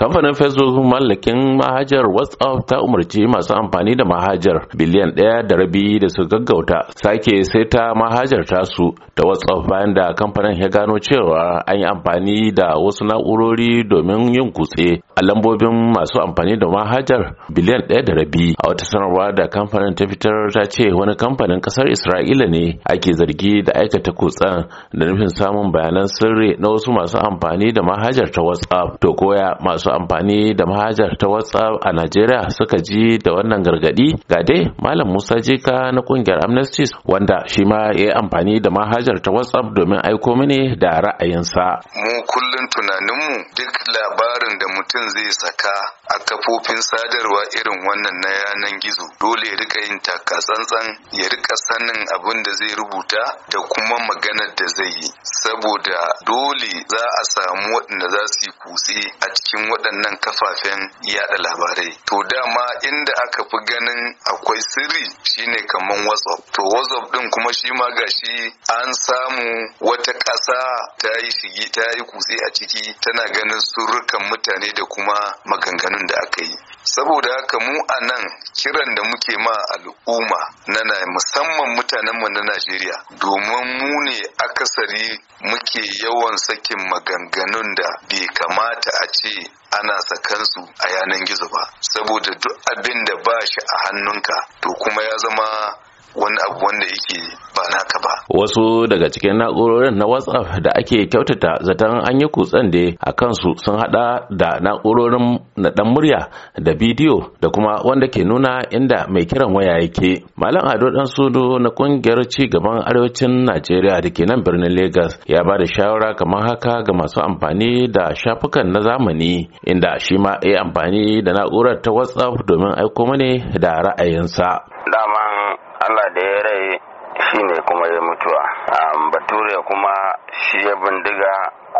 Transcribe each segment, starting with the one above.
kamfanin facebook mallakin mahajar whatsapp ta umarci masu amfani da mahajar biliyan ɗaya da rabi da su gaggauta sake sai ta mahajar tasu ta whatsapp bayan da kamfanin ya gano cewa an yi amfani da wasu na'urori domin yin kutse a lambobin masu amfani da mahajar biliyan ɗaya da rabi a wata sanarwa da kamfanin ta fitar ta ce wani kamfanin ƙasar isra'ila ne ake zargi da aikata kutsen da nufin samun bayanan sirri na wasu masu amfani da mahajar ta whatsapp to koya masu masu amfani da mahajar ta WhatsApp a Najeriya suka ji da wannan gargadi ga dai Malam Musa Jika na kungiyar Amnesty wanda shi ma ya yi amfani da mahajar ta WhatsApp domin aiko mini da ra'ayinsa. Mu kullum tunaninmu duk labarin da mutum zai saka a kafofin sadarwa irin wannan na yanan gizo dole ya rika yin taka tsantsan ya rika sanin abin da zai rubuta da kuma maganar da zai yi saboda dole za a samu waɗanda za su yi kutse a cikin waɗannan kafafen yada labarai to dama inda aka fi ganin akwai sirri shine kaman whatsapp to whatsapp ɗin kuma shi ma gashi an samu wata ƙasa ta yi shigi ta yi kutse a ciki tana ganin surrukan mutane da kuma maganganun da aka yi saboda haka mu a nan kiran da muke ma al'umma na musamman mutanen mutanenmu na najeriya domin mu ne akasari muke yawan sakin maganganun da bai kamata a ce ana sakansu a yanan gizo ba saboda duk abin da ba shi a hannunka to kuma ya zama wani abu wanda yake ba naka ba. Wasu daga cikin na'urorin na WhatsApp da ake kyautata zaton an yi kutsen da a kansu sun hada da na'urorin naɗan murya da bidiyo da kuma wanda ke nuna inda mai kiran waya yake. Malam Ado Dan Sudo na ƙungiyar ci gaban arewacin Najeriya da ke nan birnin Lagos ya ba da shawara kamar haka ga masu amfani da shafukan na zamani inda shi ma ya amfani da na'urar ta WhatsApp domin aiko mani da ra'ayinsa. Daman Allah da ya rai shi ne kuma ya mutuwa bature kuma shi ya bindiga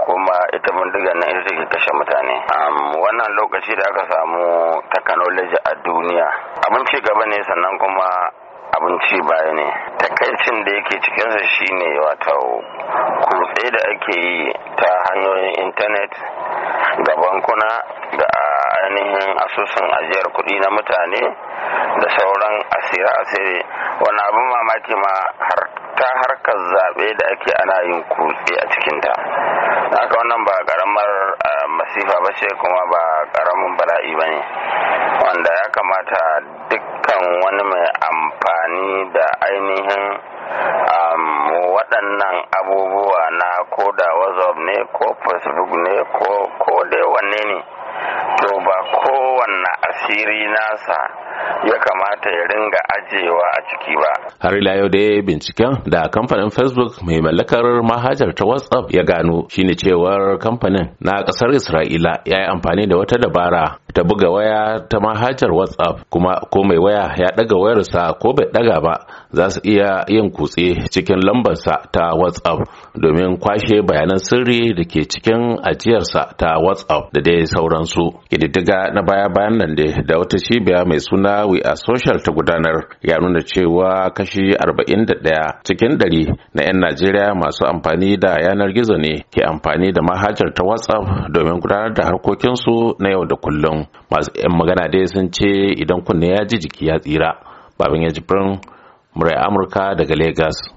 kuma ita bindiga na ita take kashe mutane wannan lokaci da aka samu technology a duniya abinci gaba ne sannan kuma abinci baya ne takaicin da yake cikinsa shine wato kutse da ake yi ta hanyoyin intanet da bankuna da ainihin asusun ajiyar kuɗi na mutane da sauran asira asiri wani abin mamaki ma har ta harkar zaɓe da ake ana yin kutse a cikinta haka wannan ba ƙaramar masifa ba ce kuma ba ƙaramin bala'i ba ne wanda ya kamata dukkan wani mai amfani da ainihin waɗanda waɗannan abubuwa na ko da whatsapp ne ko facebook ne ko da wanne ne to ba kowanne asiri nasa ya kamata ya ringa ajewa a ciki ba. Har ila yau dai binciken da kamfanin Facebook mai mallakar mahajar ta WhatsApp ya gano shine cewar kamfanin na ƙasar Isra'ila ya yi amfani da wata dabara ta buga waya ta mahajar WhatsApp kuma ko mai waya ya ɗaga wayarsa ko bai ɗaga ba za su iya yin kutse cikin lambarsa ta a whatsapp domin kwashe bayanan sirri da ke cikin ajiyarsa ta whatsapp da dai sauransu ƙididdiga na baya-bayan nan da da wata cibiya mai suna we are social ta gudanar ya nuna cewa kashi 41 cikin 100 na 'yan najeriya masu amfani da yanar gizo ne ke amfani da mahajar ta whatsapp domin gudanar da harkokinsu na yau da kullum masu 'yan magana dai sun ce idan kunne ya ji jiki ya tsira babin ya jibrin murai amurka daga Legas.